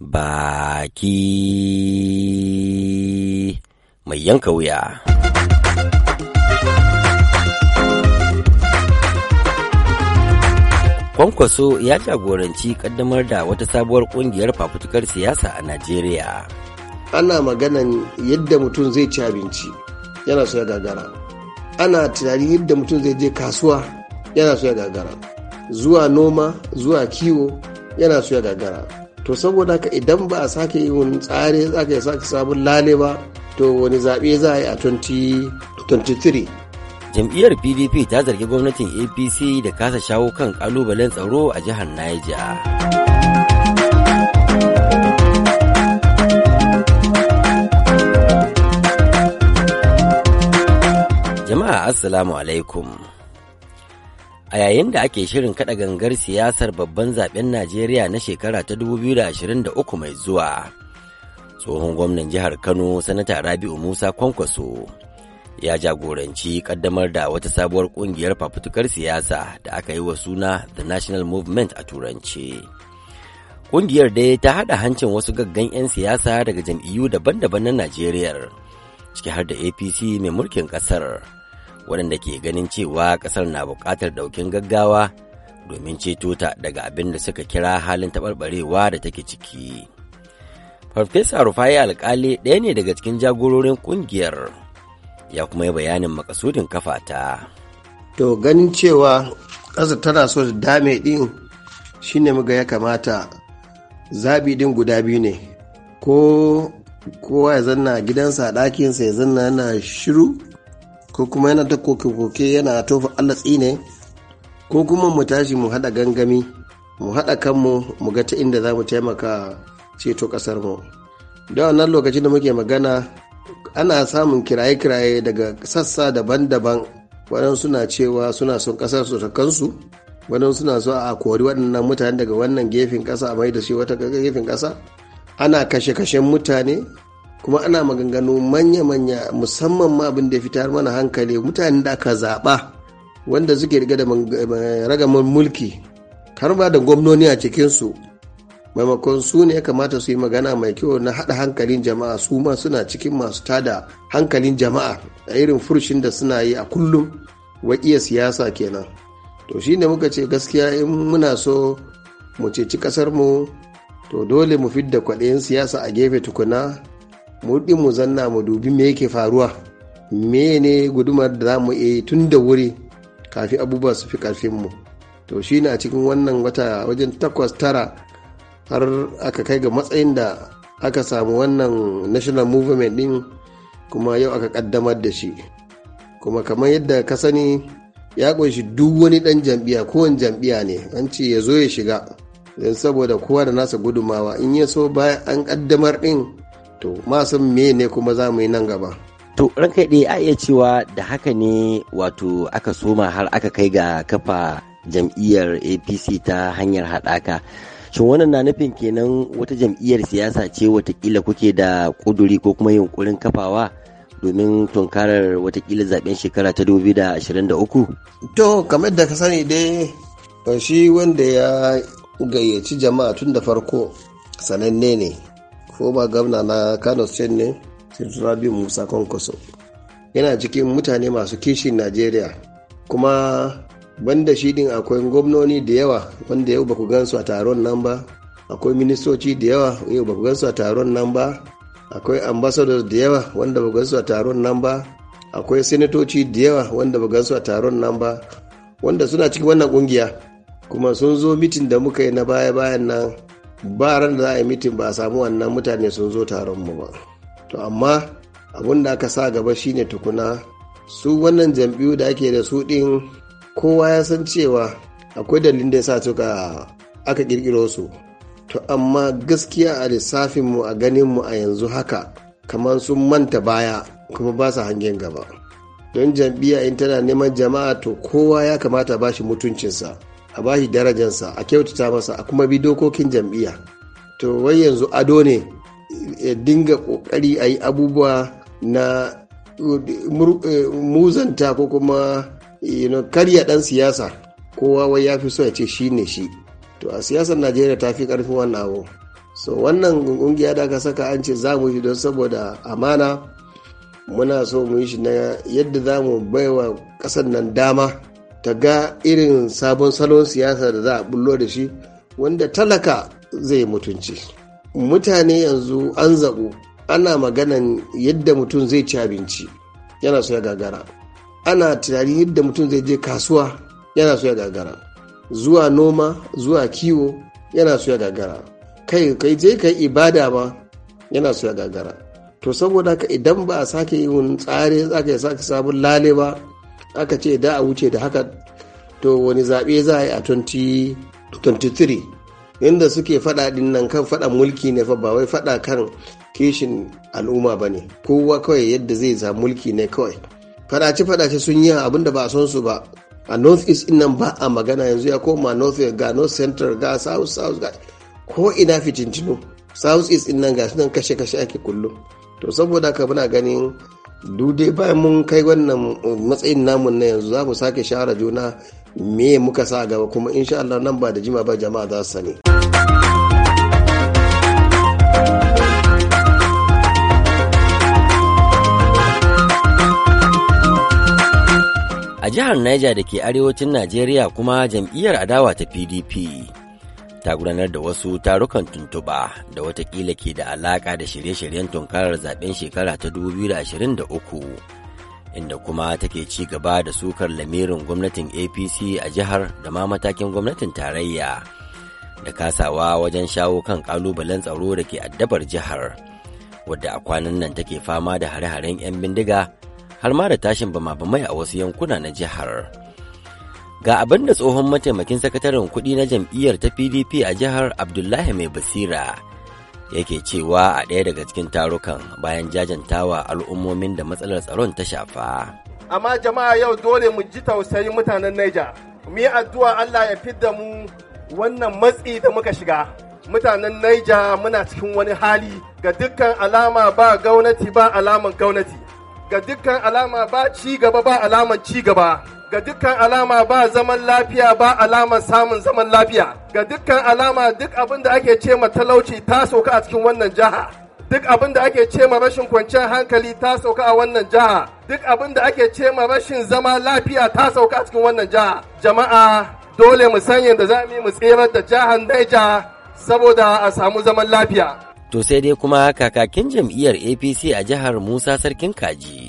baki mai yanka wuya. Kwankwaso ya jagoranci kaddamar da wata sabuwar kungiyar fafutukar siyasa a Najeriya. Ana maganan yadda mutum zai ci abinci yana so gagara. Ana tunani yadda mutum zai je kasuwa yana so ya gagara. Zuwa noma, zuwa kiwo yana so ya gagara. to saboda haka idan ba a sake yi wani tsare aka yi sake sabon lale ba to wani zaɓe za a yi a 2023 jam'iyyar pdp ta zargi gwamnatin apc da kasa shawo kan kalubalen tsaro a jihar niger jama'a assalamu alaikum a yayin da ake shirin kada gangar siyasar babban zaben najeriya na shekara ta 2023 mai zuwa tsohon gwamnan jihar kano sanata rabi'u musa kwankwaso ya jagoranci kaddamar da wata sabuwar kungiyar fafutukar siyasa da aka yi wa suna the national movement a turanci kungiyar dai ta haɗa hancin wasu gaggan 'yan siyasa daga jam'iyyu daban-daban na najeriya ciki har da apc mai mulkin ƙasar. waɗanda ke ganin cewa ƙasar na buƙatar ɗaukin gaggawa domin ceto ta daga abin da suka kira halin taɓarɓarewa da take ciki. Farfesa Rufai Alƙali ɗaya ne daga cikin jagororin ƙungiyar ya kuma yi bayanin makasudin kafa ta. To ganin cewa ƙasa tana so da dame ɗin shi ne muga ya kamata zaɓi ɗin guda biyu ne ko kowa ya zanna gidansa a ɗakinsa ya zanna yana shiru ko kuma yana ta koke-koke yana tofa allah tsine ko kuma mu tashi mu haɗa gangami mu haɗa kanmu mu ga ta inda za mu taimaka ceto ƙasar mu da wannan lokacin da muke magana ana samun kiraye-kiraye daga sassa daban-daban waɗansu suna cewa suna son ƙasar su ta kansu waɗansu suna so a kori waɗannan mutane daga wannan gefen ƙasa a mai da shi wata gefen ƙasa ana kashe-kashen mutane kuma ana maganganu manya-manya musamman ma abin da fitar mana hankali mutanen da aka zaɓa wanda suke riga da eh, ragamar mulki har ba da gwamnoni a cikinsu maimakon su ne ya kamata su yi magana mai kyau na haɗa hankalin jama'a su ma suna cikin masu tada hankalin jama'a a irin furshin da suna yi a kullum waƙiya siyasa kenan to shi ne muka ce gaskiya in muna so mu ceci ƙasar mu to dole mu fidda kwaɗayin siyasa a gefe tukuna mu din mu zanna mu dubi me yake faruwa mene gudumar da za mu iya tun da wuri kafi abubuwa su fi karfin mu to shi na cikin wannan wata wajen takwas tara har aka kai ga matsayin da aka samu wannan national movement din kuma yau aka kaddamar da shi kuma kamar yadda ka sani ya ƙunshi duk wani ɗan jam'iya kowane jam'iya ne an ce ya zo ya shiga don saboda kowa da nasa gudumawa in ya so bayan an kaddamar din to ma san me ne kuma za mu yi nan gaba to ranka dai a iya cewa da haka ne wato aka soma har aka kai ga kafa jam'iyyar apc ta hanyar haɗaka shin wannan na nufin kenan wata jam'iyyar siyasa ce watakila kuke da ƙuduri ko kuma yunkurin kafawa domin tunkarar watakila zaben shekara ta 2023 to kamar da ka sani dai shi wanda ya gayyaci jama'a tun da farko sananne ne former gwamna na kano state ne rabi musa kwankwaso yana cikin mutane masu kishin najeriya kuma banda shi din akwai gwamnoni da yawa wanda yau baku gansu a taron nan ba akwai ministoci da yawa yau baku gansu a taron nan ba akwai ambassadors da yawa wanda baku gansu a taron nan ba akwai senatoci da yawa wanda baku gansu a taron nan ba wanda suna cikin wannan kungiya kuma sun zo mitin da muka yi na baya-bayan nan ba ran da za a yi mitin ba a samu wannan mutane sun zo taron mu ba to amma abun da aka sa gaba shine tukuna su wannan jam'iyyu da ake da su din kowa ya san cewa akwai dalilin da ya sa suka aka kirkiro su to amma gaskiya a lissafin mu a ganin mu a yanzu haka kamar sun manta baya kuma ba su hangen gaba don jam'iyya in tana neman jama'a to kowa ya kamata ba shi mutuncinsa a bashi darajansa a kyautata masa a kuma bi dokokin jam'iyya to wai yanzu ado ne ya dinga kokari a yi abubuwa na eh, muzanta ko kuma karya dan siyasa kowa wai ya fi so ya ce shi ne shi to a siyasar najeriya ta fi karfin wannan abu so wannan kungiya da aka saka an ce za mu yi don saboda amana muna so mu yi shi na yadda za mu baiwa ƙasar nan dama ta ga irin sabon salon siyasa da za a bullo da shi wanda talaka zai mutunci mutane yanzu an zaɓo. ana maganan yadda mutum zai ci abinci yana so ya gagara ana tunanin yadda mutum zai je kasuwa yana so ya gagara zuwa noma zuwa kiwo yana so ya gagara kai kai je kai ibada ma yana so ya gagara to saboda haka idan ba a sake yin tsare aka yi sake sabon lale ba aka ce da a wuce da haka to wani zaɓe za a yi a 2023 inda suke faɗa nan kan faɗan mulki ne fa ba wai faɗa kan kishin al'umma ba ne kowa kawai yadda zai za mulki ne kawai faɗace faɗace sun yi abin da ba a son su ba a north east nan ba a magana yanzu ya koma north ga north central ga south south ga ko ina fitintinu south east nan ga nan kashe kashe ake kullum to saboda ka muna ganin duk dai bayan mun kai wannan matsayin namun na yanzu za mu sake share juna me muka sa gaba kuma insha Allah nan ba da jima ba jama'a za su sani. A jihar Niger da ke arewacin Najeriya kuma jam'iyyar adawa ta PDP ta gudanar da wasu tarukan tuntuɓa da watakila ke da alaƙa da shirye-shiryen tunkarar zaben shekara ta 2023 inda kuma take ci gaba da sukar lamirin gwamnatin apc a jihar da ma matakin gwamnatin tarayya da kasawa wajen shawo kan ƙalubalen tsaro da ke addabar jihar wadda a kwanan nan take fama da hare-haren 'yan bindiga har ma da tashin bama-bamai a wasu yankuna na jihar. Ga abin da tsohon mataimakin sakataren kuɗi na jam'iyyar ta PDP a jihar Abdullahi Mai Basira yake cewa a ɗaya daga cikin tarukan bayan jajantawa al'ummomin da matsalar tsaron ta shafa. Amma jama'a yau dole mu ji tausayin mutanen Naija, mu yi addu'a Allah ya fidda mu wannan matsi da muka shiga. Mutanen Naija muna cikin wani hali ga dukkan alama ba gaunati ba alaman gaunati. ga dukkan alama ba ci gaba ba alaman ci gaba. ga dukkan alama ba zaman lafiya ba alamar samun zaman lafiya ga dukkan alama duk abin da ake ce ma talauci ta sauka a cikin wannan jiha duk abin da ake ce ma rashin kwanciyar hankali ta sauka a wannan jiha duk abin da ake ce ma rashin zama lafiya ta sauka a cikin wannan jiha jama'a dole mu san yadda za mu yi mu tsirar da jihar Niger saboda a samu zaman lafiya to sai dai kuma kakakin jam'iyyar APC a jihar Musa Sarkin Kaji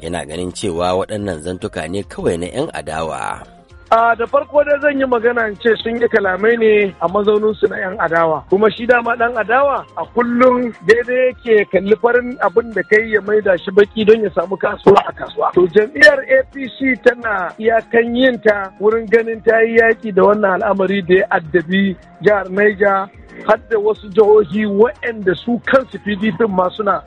yana ganin cewa waɗannan zantuka ne kawai na 'yan adawa. A da farko da zan yi magana in ce sun yi kalamai ne a mazauninsu na 'yan adawa. Kuma shi dama ɗan adawa a kullum daidai yake kalli farin abin da kai ya maida shi baki don ya samu kasuwa a kasuwa. To jam'iyyar APC tana iyakan yin ta wurin ganin ta yi yaƙi da wannan al'amari da ya addabi jihar Niger har wasu jihohi waɗanda su kansu PDP ma suna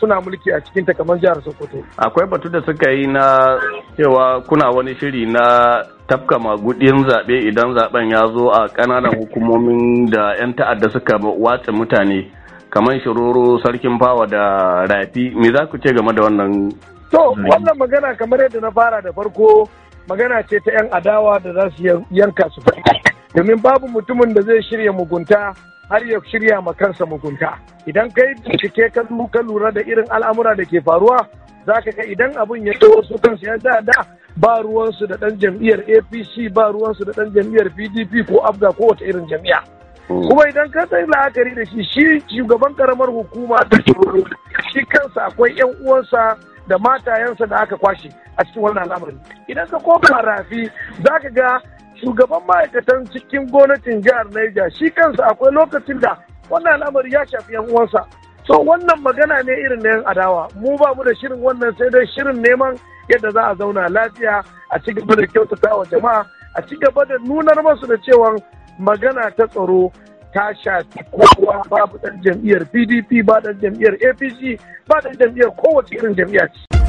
suna mulki a cikin ta kamar jihar Sokoto. Akwai batu da suka yi na cewa kuna wani shiri na tafka magudin zaɓe idan zaben ya zo a ƙananan hukumomin da 'yan ta'adda suka watsa mutane kamar shiroro sarkin fawa da rafi me za ku ce game da wannan to wannan magana kamar yadda na fara da farko magana ce ta 'yan adawa da za su yanka su domin babu mutumin da zai shirya mugunta har ya shirya ma kansa mugunta idan kai bincike ka lura da irin al'amura da ke faruwa za ka ga idan abun ya zo su kansu ya da da ba ruwansu da dan jam'iyyar apc ba ruwansu da dan jam'iyyar pdp ko abga ko wata irin jam'iyya hmm. kuma idan ka sai la'akari da shi shi shugaban karamar hukuma ta shi kansa akwai yan uwansa da matayensa da aka kwashe a cikin wannan al'amarin idan ka kofa rafi za ka ga shugaban ma'aikatan cikin gwamnatin jihar Niger shi kansa akwai lokacin da wannan al'amari ya shafi yan uwansa so wannan magana ne irin na yan adawa mu ba mu da shirin wannan sai dai shirin neman yadda za a zauna lafiya a ci gaba da kyautata wa jama'a a ci gaba da nunar masu da cewa magana ta tsaro ta shafi kowa babu dan jam'iyyar pdp ba dan jam'iyyar apc ba dan jam'iyyar kowace irin jam'iyya ce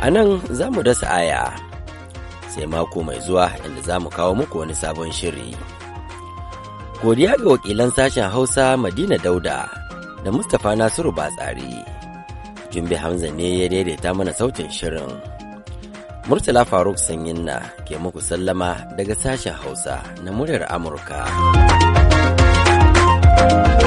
A nan za mu dasa aya sai mako mai zuwa inda za mu kawo muku wani sabon shiri. Godiya ga wakilan sashen Hausa Madina Dauda da Mustapha Nasiru Batsari. Jumbi Hamza ne ya daidaita mana sautin shirin. Murtala Faruk Sanyinna ke muku sallama daga sashen Hausa na muryar Amurka. thank you